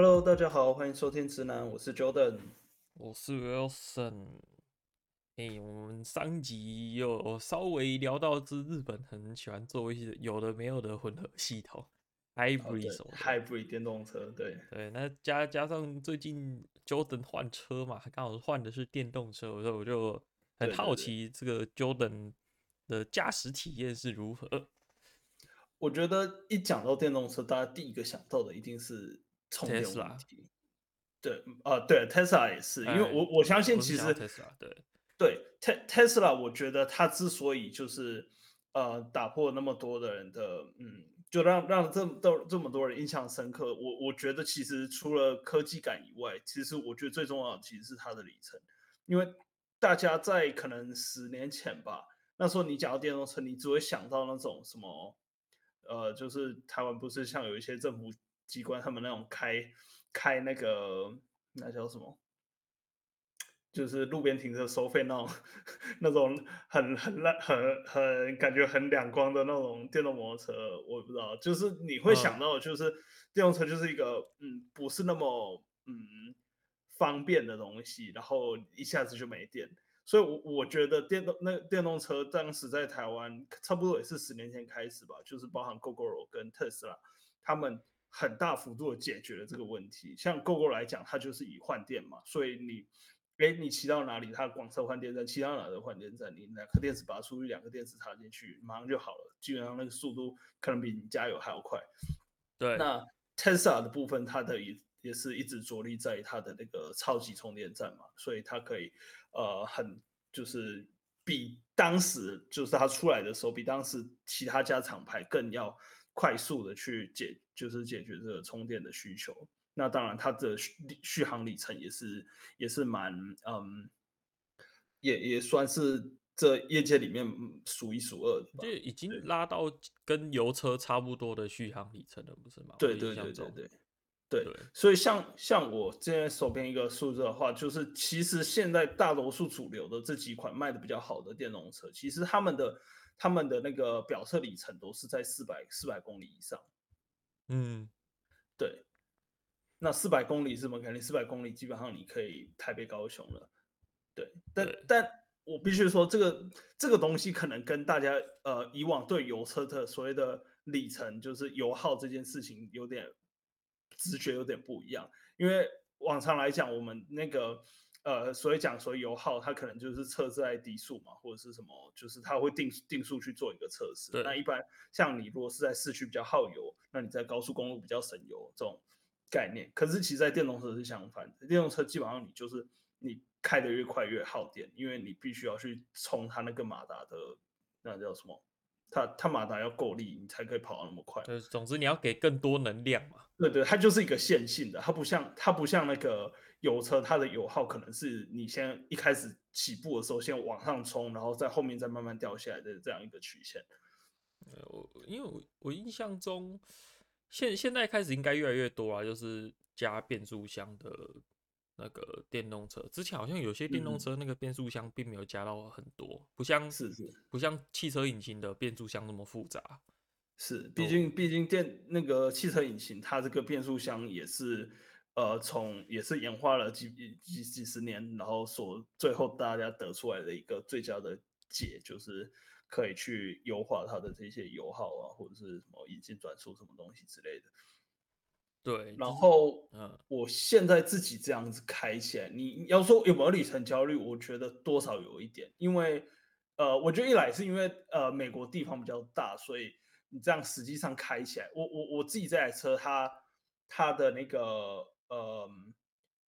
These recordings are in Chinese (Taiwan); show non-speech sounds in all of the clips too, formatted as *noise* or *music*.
Hello，大家好，歡迎收聽直男，我是 Jordan，我是 Wilson。哎、欸，我們上集又稍微聊到，這日本很喜歡做一些有的沒有的混合系統，Hybrid，Hybrid 對電動車，對對。那加加上最近 Jordan 換車嘛，剛好換的是電動車，所以我就很好奇這個 Jordan 的駕駛體驗是如何。對對對。我覺得一講到電動車，大家第一個想到的一定是。充電啊，Tesla 對，呃，對，Tesla 也是，因為我、哎、我相信其實，Tesla 對，對，T, Tesla 我覺得它之所以就是呃打破那麼多的人的，嗯，就讓讓這麼多這麼多人印象深刻，我我覺得其實除了科技感以外，其實我覺得最重要的其實是它的里程，因為大家在可能十年前吧，那時候你講到電動車，你只會想到那種什麼，呃，就是台灣不是像有一些政府，機關他們那種開開那個那叫什麼，就是路邊停車收費那種那種很很爛很很感覺很兩光的那種電動摩托車，我也不知道，就是你會想到就是電動車就是一個嗯，嗯不是那麼嗯方便的東西，然後一下子就沒電，所以我我覺得電動那電動車當時在台灣差不多也是十年前開始吧，就是包含 Gogoro 跟特斯拉他們。很大幅度的解決了這個問題。像 Gogoro 來講，它就是以換電嘛，所以你，誒、欸，你騎到哪裡，它廣設換電站，騎到哪的換電站，你兩顆電池拔出去，兩個電池插進去，馬上就好了。基本上那個速度可能比你加油還要快。對，那 Tesla 的部分，它的也也是一直着力在它的那個超級充電站嘛，所以它可以，呃，很就是比當時就是它出來的時候，比當時其他家廠牌更要。快速的去解，就是解決這個充電的需求，那當然它的續續航里程也是也是蠻嗯，也也算是這業界裡面數一數二的，就已經拉到跟油車差不多的續航里程了，不是嗎？對對對對對對。對。所以像像我現在手邊一個數字的話，就是其實現在大多數主流的這幾款賣的比較好的電動車，其實他們的。他們的那個表測里程都是在四百四百公里以上，嗯，對，那四百公里是什麼概念？四百公里基本上你可以台北高雄了，對，但對但我必須說這個這個東西可能跟大家呃以往對油車的所謂的里程就是油耗這件事情有點直覺有點不一樣，因為往常來講我們那個。呃，所以講說油耗，它可能就是測試在低速嘛，或者是什麼，就是它會定定速去做一個測試。對那一般像你如果是在市區比較耗油，那你在高速公路比較省油這種概念。可是其實，在電動車是相反的，電動車基本上你就是你開的越快越耗電，因為你必須要去充它那個馬達的那叫什麼，它它馬達要夠力，你才可以跑那麼快。對，總之你要給更多能量嘛。對對，它就是一個線性的，它不像它不像那個。油車，它的油耗可能是你先一開始起步的時候先往上衝，然後在後面再慢慢掉下來的這樣一個曲線。因為我印象中，現現在開始應該越來越多啊，就是加變速箱的那個電動車。之前好像有些電動車那個變速箱並沒有加到很多，嗯、不像是是不像汽車引擎的變速箱那麼複雜。是，畢竟畢都竟電那個汽車引擎，它這個變速箱也是。呃，從也是演化了幾幾幾十年，然後所最後大家得出來的一個最佳的解，就是可以去優化它的這些油耗啊，或者是什麼引擎轉速什麼東西之類的。對，然後嗯，我現在自己這樣子開起來，你要說有沒有里程焦慮，我覺得多少有一點，因為呃，我覺得一來是因為呃美國地方比較大，所以你這樣實際上開起來，我我我自己這台車它它的那個。呃，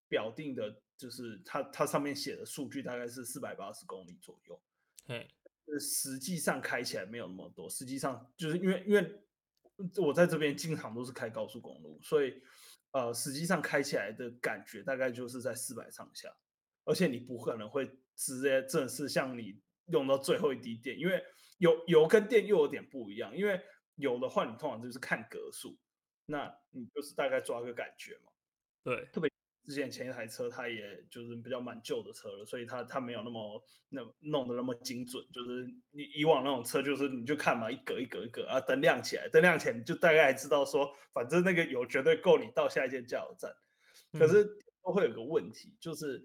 表定的就是它，它上面寫的數據大概是四百八十公里左右。嘿實際上開起來沒有那麼多。實際上，就是因為因為我在這邊經常都是開高速公路，所以呃，實際上開起來的感覺大概就是在四百上下。而且你不可能會直接正式向你用到最後一滴電，因為油油跟電又有點不一樣。因為油的話，你通常就是看格數，那你就是大概抓個感覺嘛。對，特別之前前一台車，它也就是比較蠻舊的車了，所以它它沒有那麼那弄得那麼精準。就是你以往那種車，就是你就看嘛，一格一格一格啊，燈亮起來，燈亮起來，你就大概知道說，反正那個油絕對夠你到下一間加油站。可是，嗯，會有個問題，就是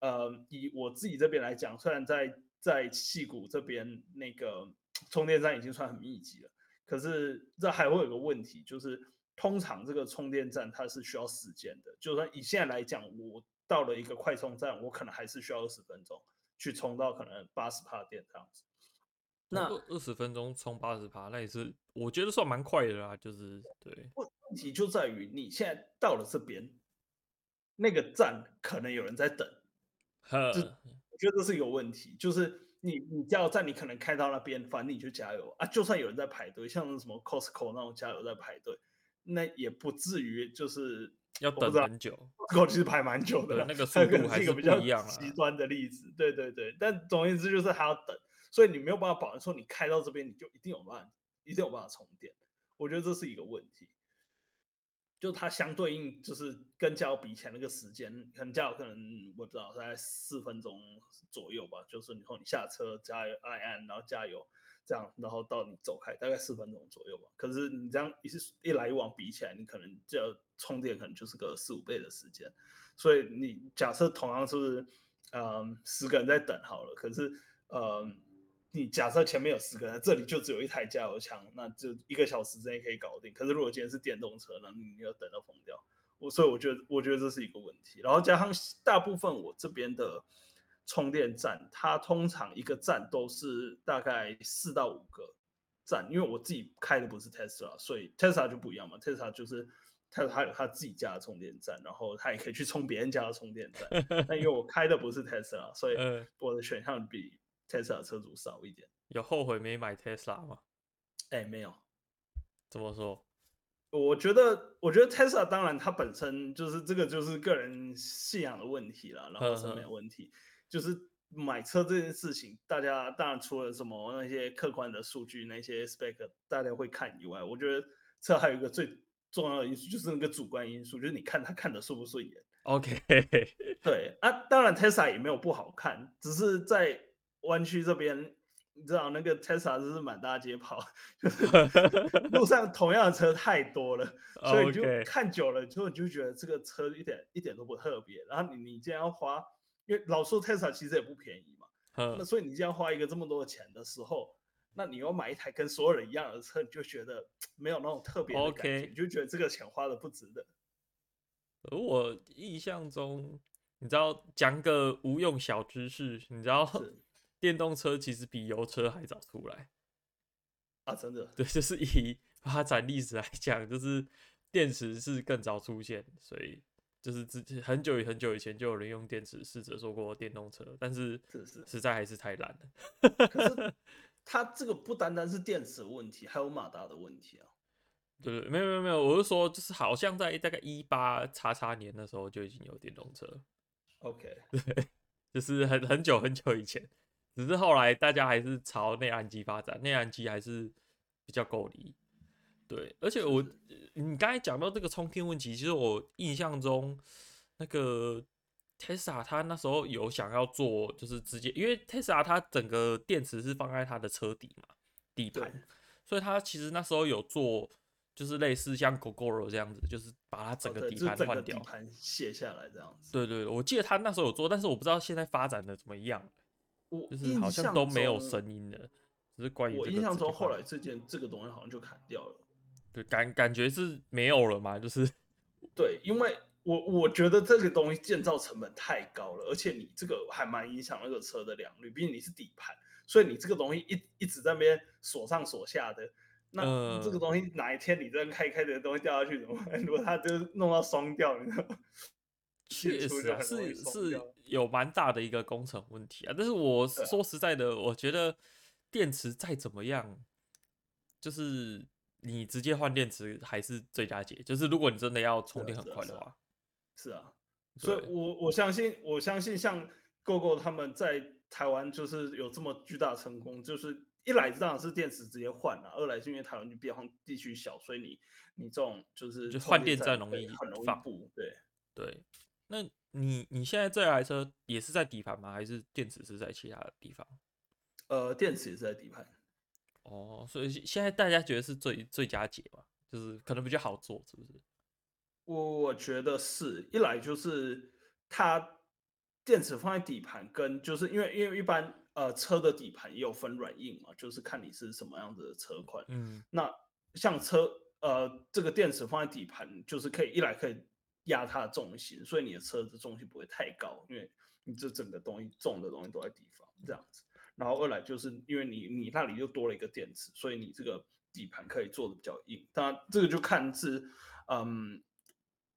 呃，以我自己這邊來講，雖然在在矽谷這邊那個充電站已經算很密集了，可是這還會有個問題，就是。通常這個充電站它是需要時間的，就算以現在來講，我到了一個快充站，我可能還是需要二十分鐘去充到可能八十趴的電這樣子。那二十分鐘充八十趴，那也是，我覺得算蠻快的啦，就是對。問題就在於你現在到了這邊，那個站可能有人在等，呵就我覺得這是有問題，就是你你加油站你可能開到那邊，反正你就加油啊，就算有人在排隊，像什麼 Costco 那種加油在排隊。那也不至於就是要等很久，估計 *laughs* 排蠻久的，那個速度還是不一樣，啊、一個比較極端的例子，對對對，但總而言之就是還要等，所以你沒有辦法保證說你開到這邊你就一定有辦法，一定有辦法充電。我覺得這是一個問題，就它相對應就是跟加油比起來那個時間，可能加油可能我知道大概四分鐘左右吧，就是你後你下車加油，哎按，按，然後加油。這樣，然後到你走開，大概四分鐘左右吧。可是你這樣一一來一往比起來，你可能就充電，可能就是個四五倍的時間。所以你假設同樣是，不是，嗯、呃、十個人在等好了。可是，嗯、呃、你假設前面有十個人，這裡就只有一台加油槍，那就一個小時之內可以搞定。可是如果今天是電動車，那你要等到瘋掉。我所以我覺得，我覺得這是一個問題。然後加上大部分我這邊的。充電站，它通常一個站都是大概四到五個站，因為我自己開的不是特斯拉，所以特斯拉就不一樣嘛。特斯拉就是 Tesla 它有它自己家的充電站，然後它也可以去充別人家的充電站。但因為我開的不是特斯拉，所以我的選項比特斯拉車主少一點。有後悔沒買特斯拉嗎？哎、欸，沒有。怎麼說？我覺得，我覺得特斯拉，當然它本身就是這個，就是個人信仰的問題了，然後是沒有問題。 *laughs* 就是買車這件事情，大家當然除了什麼那些客觀的數據、那些 spec，大家會看以外，我覺得車還有一個最重要的因素，就是那個主觀因素，就是你看它看得順不順眼。OK，對啊，當然 Tesla 也沒有不好看，只是在灣區這邊，你知道那個 Tesla 是滿大街跑，就是、 *laughs* 路上同樣的車太多了，所以就看久了之後 Okay.，你就覺得這個車一點一點都不特別。然後你你既然要花。因為老說 Tesla 其實也不便宜嘛，呵那所以你這樣花一個這麼多的錢的時候，那你要買一台跟所有人一樣的車，你就覺得沒有那種特別、哦、OK，你就覺得這個錢花的不值得。而我印象中，你知道講個無用小知識，你知道是電動車其實比油車還早出來，啊，真的？對，就是以發展歷史來講，就是電池是更早出現，所以。就是之前很久很久以前就有人用電池試着做過電動車，但是是實在還是太難了。 *laughs* 可是它這個不單單是電池的問題，還有馬達的問題啊。對，沒有沒有沒有，我是說就是好像在大概一八叉叉年的時候就已經有電動車。OK，對，就是很很久很久以前，只是後來大家還是朝內燃機發展，內燃機還是比較夠力。對，而且我，是你剛才講到這個充電問題，其實我印象中，那個 Tesla 它那時候有想要做，就是直接，因為 Tesla 它整個電池是放在它的車底嘛，底盤，對所以它其實那時候有做，就是類似像 Gogoro 這樣子，就是把它整個底盤換掉，就是整個底盤卸下來這樣子。對，對對，我記得他那時候有做，但是我不知道現在發展的怎麼樣？就是好像都沒有聲音了，只是關於我印象中後來這件這個東西好像就砍掉了。感感覺是沒有了嘛？就是，對，因為我我覺得這個東西建造成本太高了，而且你這個還蠻影響那個車的良率，畢竟你是底盤，所以你這個東西一一直在那邊鎖上鎖下的，那這個東西哪一天你在開開的，東西掉下去怎麼辦？如果它就弄到鬆掉，你知道嗎？確實、啊， *laughs* 實是是有蠻大的一個工程問題啊。但是我說實在的，對我覺得電池再怎麼樣，就是。你直接換電池還是最佳解？就是如果你真的要充電很快的話，是啊，是啊是啊對所以我，我我相信，我相信像 Gogoro 他們在台灣就是有這麼巨大的成功，就是一來當然是電池直接換了，啊，二來是因為台灣比較地區小，所以你你這種就是換電站容易，很容易發布，對對，那你你現在這台車也是在底盤嗎？還是電池是在其他的地方？呃，電池也是在底盤。哦，所以現在大家覺得是最最佳解吧，就是可能比較好做，是不是？我我覺得是一來就是它電池放在底盤，跟就是因為因為一般呃車的底盤也有分軟硬嘛，就是看你是什麼樣子的車款。嗯，那像車呃這個電池放在底盤，就是可以一來可以壓它的重心，所以你的車子重心不會太高，因為你這整個東西重的東西都在底盤，這樣子。然後二來就是因為你你那裡又多了一個電池，所以你這個底盤可以做得比較硬。當然這個就看是，嗯，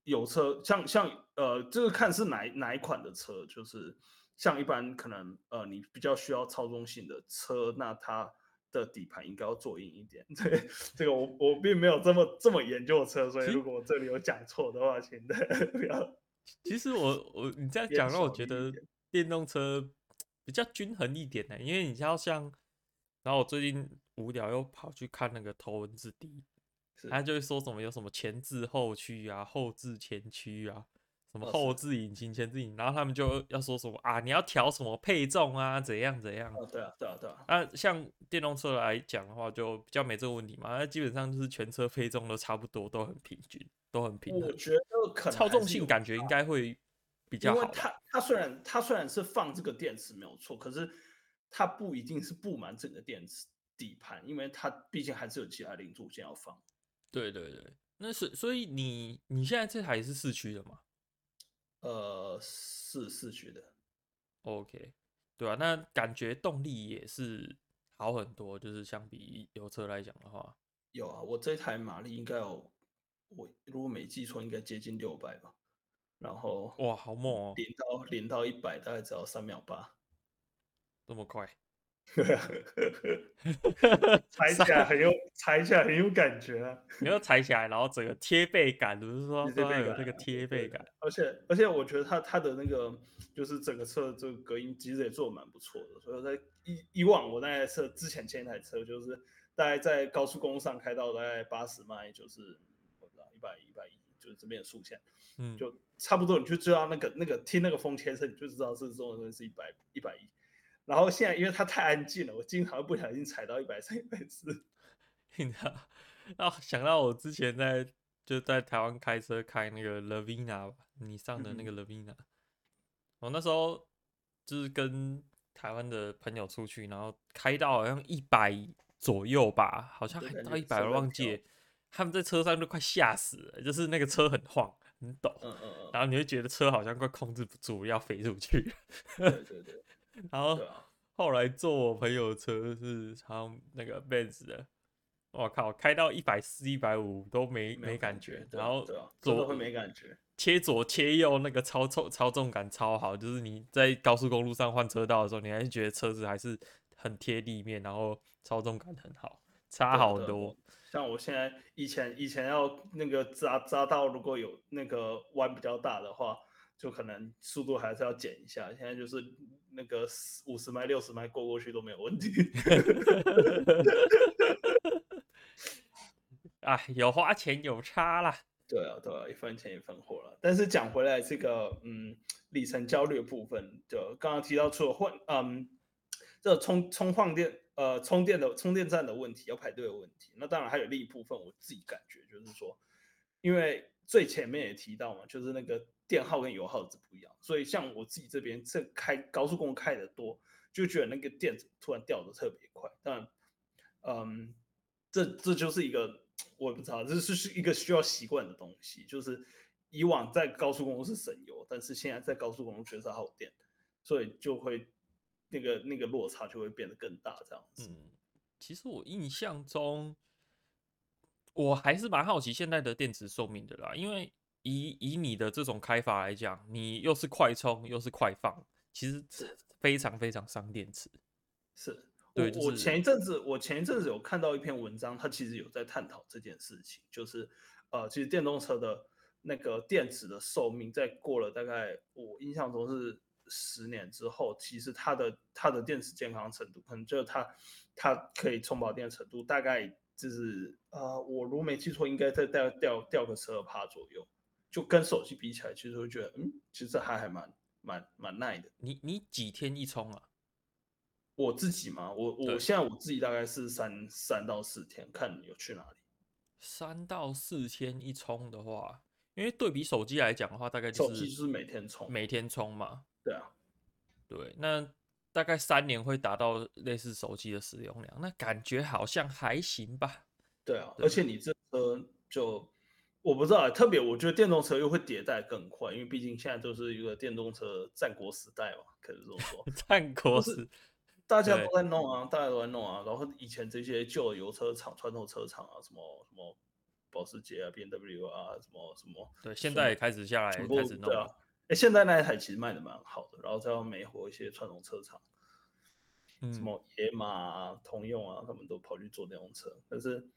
有車像像呃，這個看是哪哪一款的車，就是像一般可能呃你比較需要操縱性的車，那它的底盤應該要做硬一點。對，這個我我並沒有這麼這麼研究車，所以如果我這裡有講錯的話，請大家不要。其實我我你這樣講讓我覺得電動車。比較均衡一點的，因為你知道像，然後我最近無聊又跑去看那個《頭文字 D》是，他就會說什麼有什麼前置後驅啊、後置前驅啊、什麼後置引擎前置引擎，哦、是然後他們就要說什麼啊，你要調什麼配重啊，怎樣怎樣。哦、對啊，對啊，對啊。那、啊、像電動車來講的話，就比較沒這個問題嘛，那基本上就是全車配重都差不多，都很平均，都很平衡。我覺得操縱性感覺應該會。比較好因為它它雖然它雖然是放這個電池沒有錯，可是它不一定是布滿整個電池底盤，因為它畢竟還是有其他零組件要放。對對對，那是，所以你你現在這台是四驅的嗎？呃，是四驅的。OK，對啊，那感覺動力也是好很多，就是相比油車來講的話。有啊，我這台馬力應該有，我如果沒記錯，應該接近六百吧。然後哇，好猛哦，喔！零到零到一百大概只要三秒八，這麼快， *laughs* 踩起來很有，踩起來很有感覺啊！你要踩起來，然後整個貼背感，就是說這邊有那個貼背感。而且而且，而且我覺得它它的那個就是整個車的這個隔音其實也做得蠻不錯的。所以在以以往我那台車之前前一台車，就是大概在高速公路上開到大概八十邁，就是不知道一百一百一。100, 110就是這邊有豎線，嗯，就差不多，你就知道那個那個聽那個風切聲，你就知道是中文是一百一百一。然後現在因為它太安靜了，我經常不小心踩到一百三、一百四。那想到我之前在就在台灣開車開那個 Lavina，你上的那個 Lavina。嗯、哼我那時候就是跟台灣的朋友出去，然後開到好像一百左右吧，好像還不到一百對，忘記。嗯他們在車上都快嚇死了，就是那個車很晃很抖，嗯嗯嗯、然後你會覺得車好像快控制不住要飛出去，對對對然後、啊、後來坐我朋友車是他那個 Benz 的，我靠，開到一百四一百五都沒沒感,沒感覺，啊、然後、啊啊、左切左切右那個操縱操縱感超好，就是你在高速公路上換車道的時候，你還是覺得車子還是很貼地面，然後操縱感很好，差好多。像我現在以前以前要那個紮紮到，如果有那個彎比較大的話，就可能速度還是要減一下。現在就是那個五十邁、六十邁過過去都沒有問題。哈哎 *laughs* *laughs* 啊，有花錢有差啦，對啊，對啊，一分錢一分貨了。但是講回來，這個嗯，里程焦慮的部分，就剛剛提到出了換，嗯，這個充充放電。呃，充電的充電站的問題，要排隊的問題。那當然還有另一部分，我自己感覺就是說，因為最前面也提到嘛，就是那個電耗跟油耗是不一樣，所以像我自己這邊這開高速公路開的多，就覺得那個電突然掉的特別快。但嗯，這這就是一個我不知道，這是是一個需要習慣的東西，就是以往在高速公路是省油，但是現在在高速公路全是耗電，所以就會。那個那個落差就會變得更大，這樣子。嗯，其實我印象中，我還是蠻好奇現在的電池壽命的啦，因為以以你的這種開法來講，你又是快充又是快放，其實非常非常傷電池。是，對就是、我我前一陣子我前一陣子有看到一篇文章，他其實有在探討這件事情，就是呃，其實電動車的那個電池的壽命在過了大概我印象中是。十年之後，其實它的它的電池健康程度，可能就是它它可以充飽電的程度，大概就是啊、呃，我如果沒記錯，應該在掉掉掉個十二趴左右。就跟手機比起來，其實會覺得，嗯，其實還還蠻蠻蠻耐的。你你幾天一充啊？我自己嘛，我我現在我自己大概是三三到四天，看你有去哪裡。三到四天一充的話，因為對比手機來講的話，大概、就是、手機就是每天充，每天充嘛。對啊，對，那大概三年會達到類似手機的使用量，那感覺好像還行吧。對啊，對，而且你這車就我不知道，特別我覺得電動車又會迭代更快，因為畢竟現在就是一個電動車戰國時代嘛，可以這麼說 *laughs* 戰國時大家都在弄啊，對大家都在弄啊，對然後以前這些舊的油車廠、傳統車廠啊，什麼什麼保時捷啊、B M W 啊，什麼什麼，對，以現在也開始下來開始弄了。哎、欸，現在那一台其實賣的蠻好的，然後再往美國一些傳統車廠，什麼野馬、啊、通用啊，他們都跑去做電動車。但是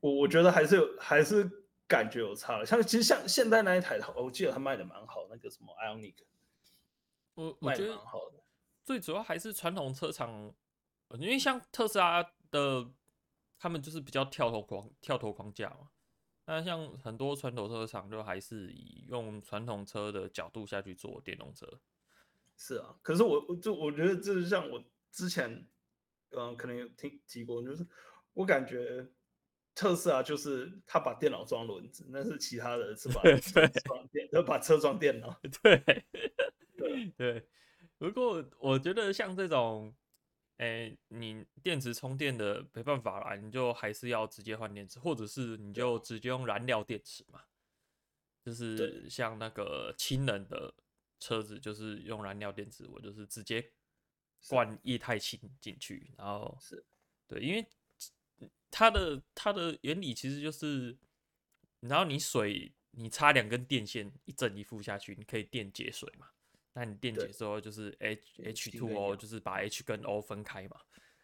我我覺得還是有，還是感覺有差了。像其實像現代那一台，我記得它賣得蠻好，那個什麼 Ionic，我我覺得蠻好的。最主要還是傳統車廠，因為像特斯拉的，他們就是比較跳脫框，跳脫框架嘛。那像很多傳統車廠，就還是以用傳統車的角度下去做電動車。是啊，可是我我就我覺得，就是像我之前，嗯，可能有聽提過，就是我感覺特斯拉，就是他把電腦裝輪子，那是其他的是把 *laughs* 對，然後把車裝電腦，對對。不過我覺得像這種。哎、欸，你電池充電的沒辦法啦，你就還是要直接換電池，或者是你就直接用燃料電池嘛？就是像那個氫能的車子，就是用燃料電池，我就是直接灌液態氫進去，是然後是，對，因為它的它的原理其實就是，然後你水，你插兩根電線，一正一負下去，你可以電解水嘛。那你電解的時候就是 H 對 H2O，就是把 H 跟 O 分開嘛。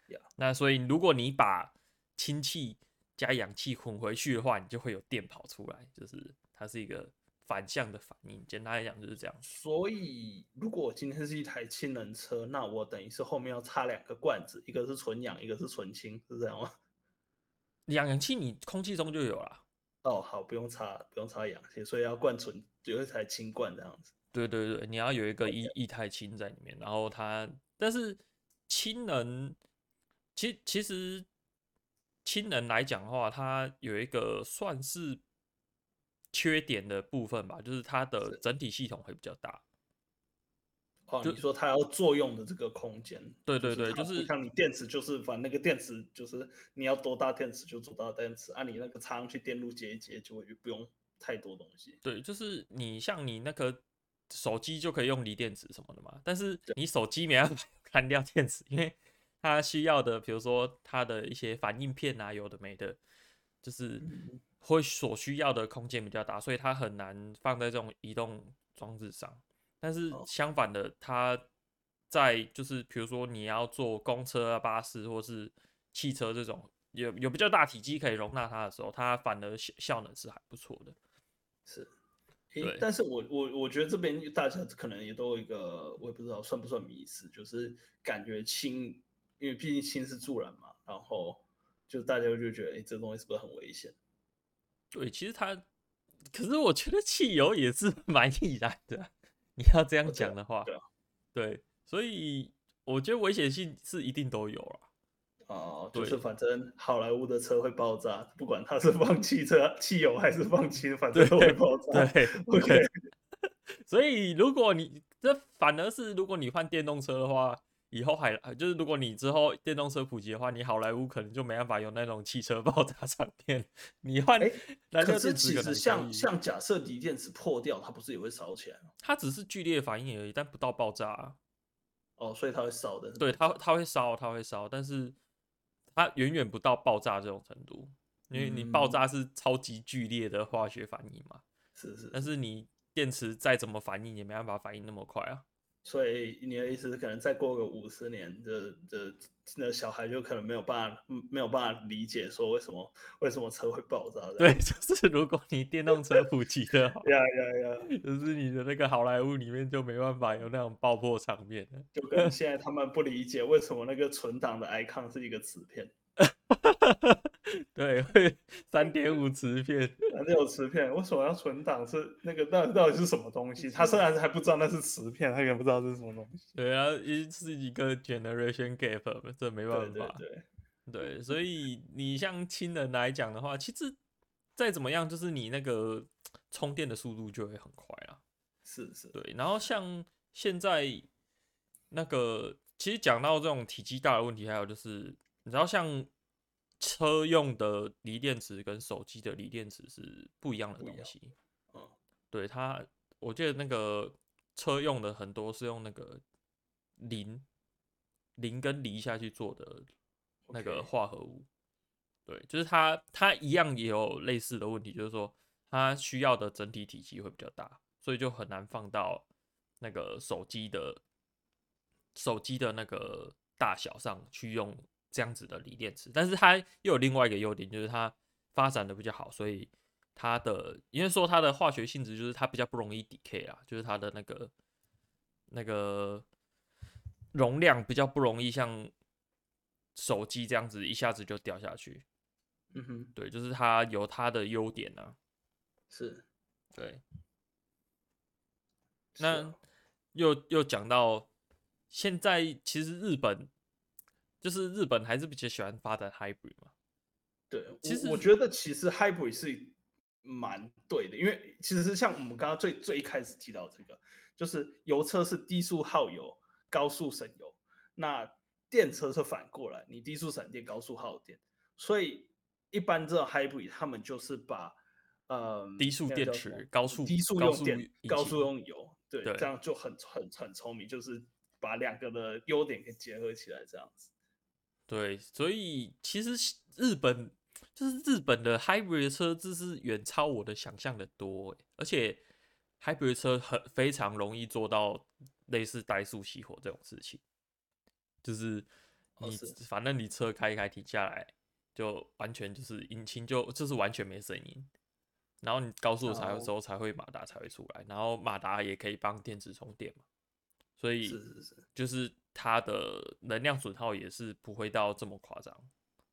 Yeah. 那所以如果你把氫氣加氧氣混回去的話，你就會有電跑出來，就是它是一個反向的反應。簡單來講就是這樣。所以如果我今天是一台氫能車，那我等於是後面要插兩個罐子，一個是純氧，一個是純氫，是這樣嗎？氧氧氣，你空氣中就有了。哦，好，不用插，不用插氧氣，所以要灌純，嗯、有一台氫罐這樣子。對對對，你要有一個液液態氫在裡面，Okay. 然後它，但是氫能，其其實氫能來講的話，它有一個算是缺點的部分吧，就是它的整體系統會比較大。哦，你說它要作用的這個空間。對對對，就是，就是像你電池，就是把那個電池，就是你要多大電池就多大電池，按、啊、你那個倉去電路接一接，就不用太多東西。對，就是你像你那個。手機就可以用鋰電池什麼的嘛，但是你手機沒辦法幹掉電池，因為它需要的，比如說它的一些反應片啊，有的沒的，就是會所需要的空間比較大，所以它很難放在這種移動裝置上。但是相反的，它在就是比如說你要坐公車啊、巴士或是汽車這種有有比較大體積可以容納它的時候，它反而效效能是還不錯的。是。欸、但是我我我覺得這邊大家可能也都有一個，我也不知道算不算迷思，就是感覺氫，因為畢竟氫是助燃嘛，然後就大家就覺得，哎、欸，這東西是不是很危險？對，其實它，可是我覺得汽油也是蠻易燃的。你要這樣講的話，對，啊對，啊、對，所以我覺得危險性是一定都有了。哦，就是反正好萊塢的車會爆炸，對不管它是放汽車汽油還是放氫，反正都會爆炸。對，對，OK。 *laughs* 所以如果你這反而是，如果你換電動車的話，以後還就是如果你之後電動車普及的話，你好萊塢可能就沒辦法有那種汽車爆炸場面。你換，欸、可是其實像像假設鋰電池破掉，它不是也會燒起來嗎？它只是劇烈的反應而已，但不到爆炸、啊。哦，所以它會燒的。對，它它會燒，它會燒，但是。它遠遠不到爆炸這種程度，因為你爆炸是超級劇烈的化學反應嘛。是是，但是你電池再怎麼反應，也沒辦法反應那麼快啊。所以你的意思是，可能再過個五十年的的那小孩就可能沒有辦法，沒有辦法理解說為什麼為什麼車會爆炸的？對，就是如果你電動車普及的話，呀呀呀，就是你的那個好萊塢裡面就沒辦法有那種爆破場面。就跟現在他們不理解為什麼那個存檔的 icon 是一個磁片。 *laughs* *laughs* 對，會三點五磁片，反正有磁片，為什麼要存檔？是那個到底到底是什麼東西？他雖然還不知道那是磁片，他也不知道這是什麼東西。對啊，也是一個 generation gap，這沒辦法。對對,對,對，所以你像親人來講的話，其實再怎麼樣，就是你那個充電的速度就會很快啊。是是。對，然後像現在那個，其實講到這種體積大的問題，還有就是你知道像。車用的鋰電池跟手機的鋰電池是不一樣的東西。嗯，對它，我記得那個車用的很多是用那個磷、磷跟鋰下去做的那個化合物。對，就是它，它一樣也有類似的問題，就是說它需要的整體體積會比較大，所以就很難放到那個手機的手機的那個大小上去用。這樣子的鋰電池，但是它又有另外一個優點，就是它發展的比較好，所以它的應該說它的化學性質，就是它比較不容易 decay 啊，就是它的那個那個容量比較不容易像手機這樣子一下子就掉下去。嗯哼，對，就是它有它的優點呢、啊。是，對。那、啊、又又講到現在，其實日本。就是日本還是比較喜歡發展 hybrid 嘛？對，其實我覺得其實 hybrid 是蠻對的，因為其實是像我們剛剛最最一開始提到這個，就是油車是低速耗油，高速省油，那電車是反過來，你低速省電，高速耗電，所以一般這種 hybrid 他們就是把、呃、低速電池，高速低速用電，高速，高速用油，對，對這樣就很很很聰明，就是把兩個的優點給結合起來，這樣子。對，所以其實日本就是日本的 hybrid 車只是遠超我的想象的多，欸，而且 hybrid 車很非常容易做到類似怠速熄火這種事情，就是你反正你車開一開停下來就完全就是引擎就就是完全沒聲音，然後你高速才的時候才會馬達才會出來，然後馬達也可以幫電池充電嘛。所以就是它的能量損耗也是不會到這麼誇張。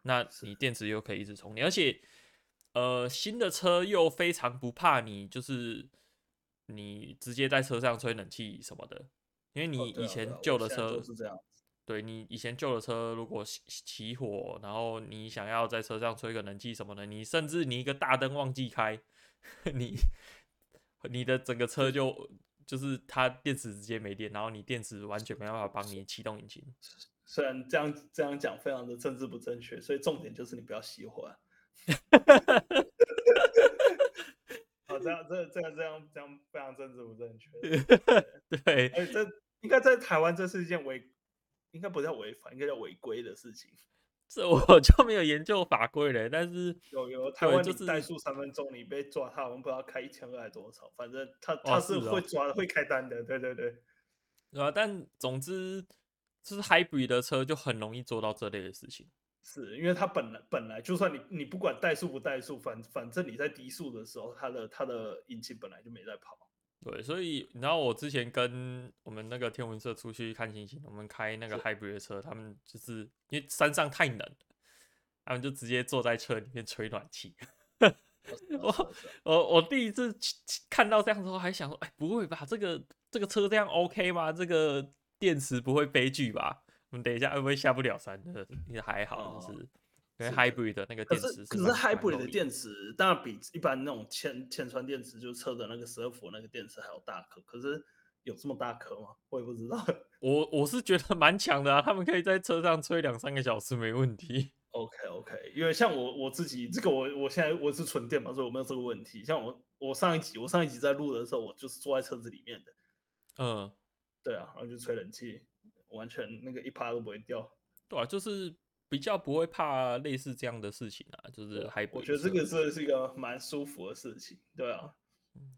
那你電池又可以一直充電，而且呃新的車又非常不怕你就是你直接在車上吹冷氣什麼的，因為你以前舊的車對，你以前舊的車，如果起火，然後你想要在車上吹個冷氣什麼的，你甚至你一個大燈忘記開，你你的整個車就。就是它電池直接沒電，然後你電池完全沒辦法幫你啟動引擎。雖然這樣這樣講非常的政治不正確，所以重點就是你不要熄火。啊， *laughs* *laughs* 這樣這這樣這樣這樣非常政治不正確。對， *laughs* 對而且這應該在台灣這是一件違，應該不叫違法，應該叫違規的事情。是，我就沒有研究法規嘞，但是有有台灣，就是怠速三分鐘，你被抓他，我們不知道開一千二還多少，反正他他是會抓、哦、是的會開單的，對對對，對啊，但總之，就是 hybrid 的車就很容易做到這類的事情，是因為它本來本來就算你你不管怠速不怠速，反反正你在低速的時候，它的它的引擎本來就沒在跑。對，所以你知道我之前跟我們那個天文社出去看星星，我們開那個 hybrid 車，他們就是因為山上太冷，他們就直接坐在車裡面吹暖氣。 *laughs* 好像好像我我我第一次看到這樣之後，還想說，哎，不會吧？這個這個車這樣 OK 嗎？這個電池不會悲劇吧？我們等一下、啊、會不會下不了山的、就是？也還好，就是。哦對，hybrid 的那個電池，可是，可是 hybrid 的電池，當然比一般那種鉛鉛酸電池，就車的那個十二伏那個電池還要大顆，可是有這麼大顆嗎？我也不知道。我我是覺得蠻強的啊，他們可以在車上吹兩三個小時沒問題。OK OK，因為像我我自己這個我我現在我是純電嘛，所以我沒有這個問題。像我我上一集我上一集在錄的時候，我就是坐在車子裡面的。嗯，對啊，然後就吹冷氣，完全那個一趴都不會掉。對啊，就是。比較不會怕類似這樣的事情啊，就是還我覺得這個是是一個蠻舒服的事情，對啊，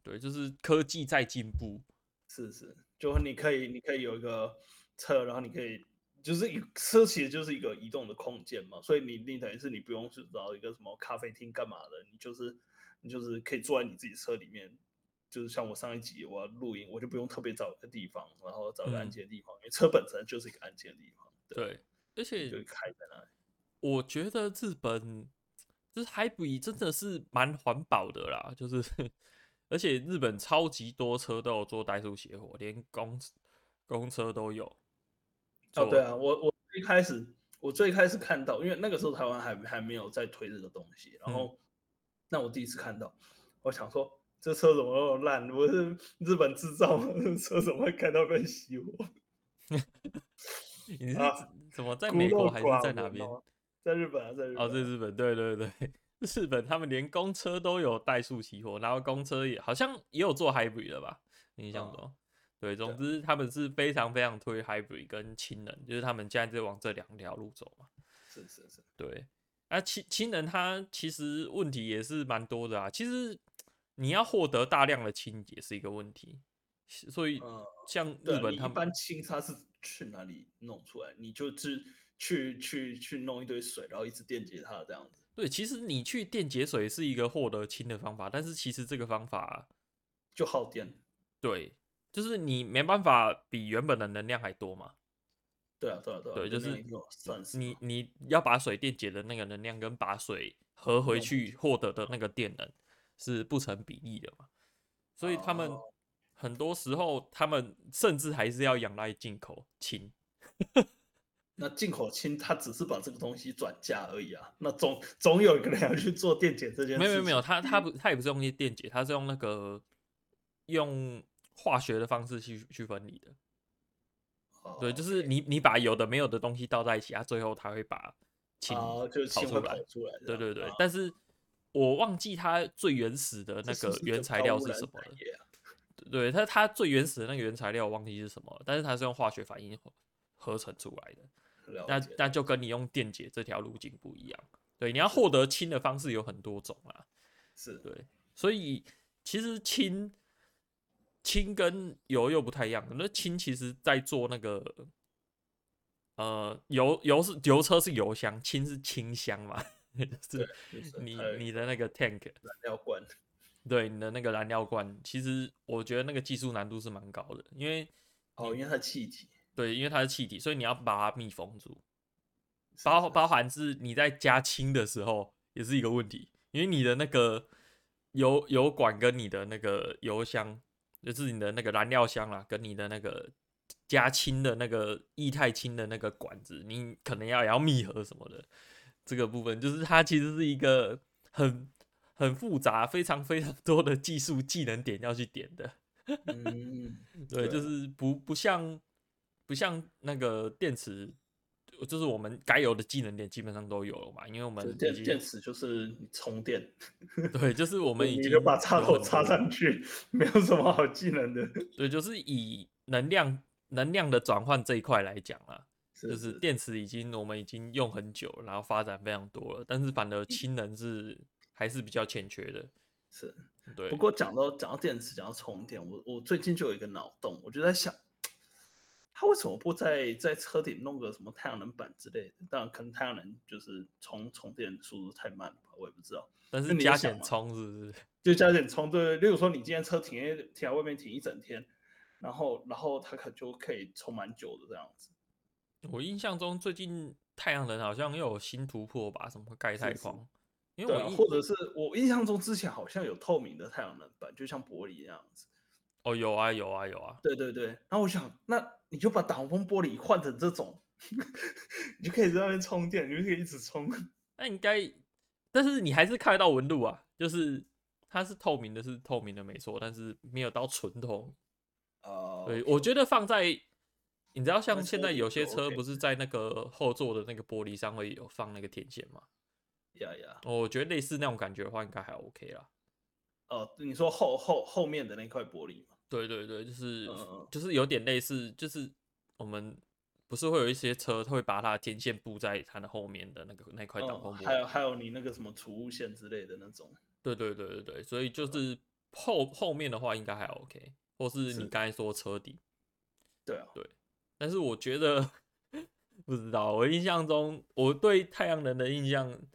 對，就是科技在進步，是是，就是你可以你可以有一個車，然後你可以就是以車其實就是一個移動的空間嘛，所以你你等於是你不用去找一個什麼咖啡廳幹嘛的，你就是你就是可以坐在你自己車裡面，就是像我上一集我露營，我就不用特別找一個地方，然後找個安的地方，嗯、因為車本身就是一個安的地方，對。對而且就開在那我覺得日本這海、就是、比真的是蠻環保的啦，就是而且日本超級多車都有做怠速熄火，連公公車都有。哦、啊、對啊，我我一開始我最開始看到，因為那個時候台灣還還沒有在推這個東西，然後那、嗯、我第一次看到，我想說這車怎麼那麼爛？我是日本制造嗎？車怎麼會看到會熄火？ *laughs* 你是 啊怎麼在美國還是在哪邊？在日本啊，在日、啊、哦，在日本，對對對，日本他們連公車都有怠速起火，然後公車也好像也有做 hybrid 吧，印象中，哦、對，總之他們是非常非常推 hybrid 跟氫能，對就是他們現在在往這兩條路走嘛。是是是，對，啊，氫氫能它其實問題也是蠻多的啊，其實你要獲得大量的氫也是一個問題。所以，像日本，他們一般氫它是去哪裡弄出來？你就是去去去弄一堆水，然後一直電解它這樣子。對，其實你去電解水是一個獲得氫的方法，但是其實這個方法就耗電。對，就是你沒辦法比原本的能量還多嘛。對啊，對啊，對。對，就是你你要把水電解的那個能量跟把水合回去獲得的那個電能是不成比例的嘛。所以他們。很多時候，他們甚至還是要仰賴進口氫。 *laughs* 那進口氫，他只是把這個東西轉嫁而已啊。那總總有一個人要去做電解這件事。沒有，沒有沒有，他它不它也不是用些電解，他是用那個用化學的方式去去分離的。Oh, okay. 對，就是你你把有的沒有的東西倒在一起，啊最後他會把氫就氫會跑出來。Oh, okay. 對對對，啊、但是我忘記他最原始的那個原材料是什麼了。對它，它最原始的那個原材料，我忘記是什麼，但是它是用化學反應合、合成出來的。那那就跟你用電解這條路徑不一樣。是對，你要獲得氫的方式有很多種啊。是對，所以其實氫氫跟油又不太一樣。那氫其實在做那個呃油，油是油車是油箱，氫是氫箱嘛，對 *laughs* 是你你的那個 tank 燃料罐。對，你的那個燃料罐，其實我覺得那個技術難度是蠻高的，因為，哦，因為它氣體，對，因為它是氣體，所以你要把它密封住，包包含是你在加氫的時候也是一個問題，因為你的那個油油管跟你的那個油箱，就是你的那個燃料箱啦、啊，跟你的那個加氫的那個液態氫的那個管子，你可能要也要密合什麼的，這個部分就是它其實是一個很。很複雜，非常非常多的技術技能點要去點的。嗯、 *laughs* 對，就是不不像不像那個電池，就是我們該有的技能點基本上都有了嘛，因為我們電池就是你充電。對，就是我們已經你就把插頭插上去，沒有什麼好技能的。對，就是以能量能量的轉換這一塊來講啊，是是就是電池已經我們已經用很久，然後發展非常多了，但是反而氫能是。嗯還是比較欠缺的，是，對。不過講到講到電池，講到充電，我我最近就有一個腦洞，我就在想，他為什麼不在在車頂弄個什麼太陽能板之類的？當然，可能太陽能就是充充電速度太慢了吧，我也不知道。但是你加減充是不是？就加減充，對不對？例如說，你今天車停停在外面停一整天，然後然後它可就可以充蠻久的這樣子。我印象中最近太陽能好像又有新突破吧？什麼鈣鈦礦？是是因為我對，或者是我印象中之前好像有透明的太陽能板，就像玻璃那樣子。哦，有啊，有啊，有啊。對對對，那我想，那你就把擋風玻璃換成這種， *laughs* 你就可以在那邊充電，你就可以一直充。那你應該，但是你還是看得到紋路啊，就是它是透明的，是透明的，沒錯，但是沒有到純透。哦。Uh, okay. 對，我覺得放在，你知道，像現在有些車不是在那個後座的那個玻璃上會有放那個天線嗎？呀呀，yeah, yeah. 哦，我覺得類似那種感覺的話，應該還 OK 啦。哦，oh, 你說後後後面的那塊玻璃嗎？對對對，就是 uh, uh. 就是有點類似，就是我們不是會有一些車會把它天線布在它的後面的那個那塊擋風玻璃，oh, 還有還有你那個什麼儲物線之類的那種。對對對對對，所以就是後後面的話應該還 OK，或是你剛才說車底。對啊，對。但是我覺得不知道，我印象中我對太陽能的印象。嗯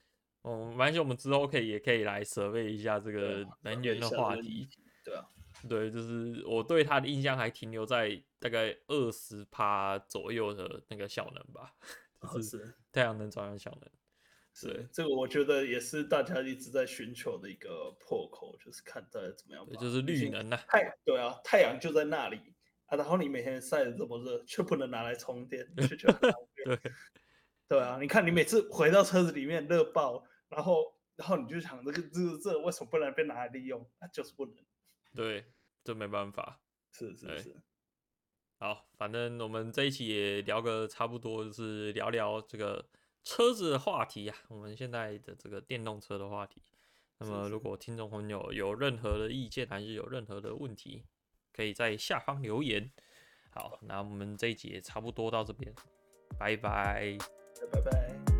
哦，蠻希、嗯、我們之後可以也可以來設備一下這個能源的話題，對啊，啊對,啊對，就是我對他的印象還停留在大概二十趴左右的那個效能吧，就是太陽能照樣效能，哦、是,對是這個我覺得也是大家一直在尋求的一個破口，就是看大家怎麼樣，也就是綠能吶、啊，太對啊，太陽就在那裡啊，然後你每天晒得這麼熱，卻不能拿來充電， *laughs* 對，對啊，你看你每次回到車子裡面熱爆。然後，然後你就想這個這個、這個、為什麼不能被拿來利用？那、啊、就是不能。對，這沒辦法。是是是。好，反正我們這一集也聊個差不多，就是聊聊這個車子的話題啊。我們現在的這個電動車的話題。那麼，如果聽眾朋友有任何的意見還是有任何的問題，可以在下方留言。好，那我們這一集也差不多到這邊，拜拜，拜拜。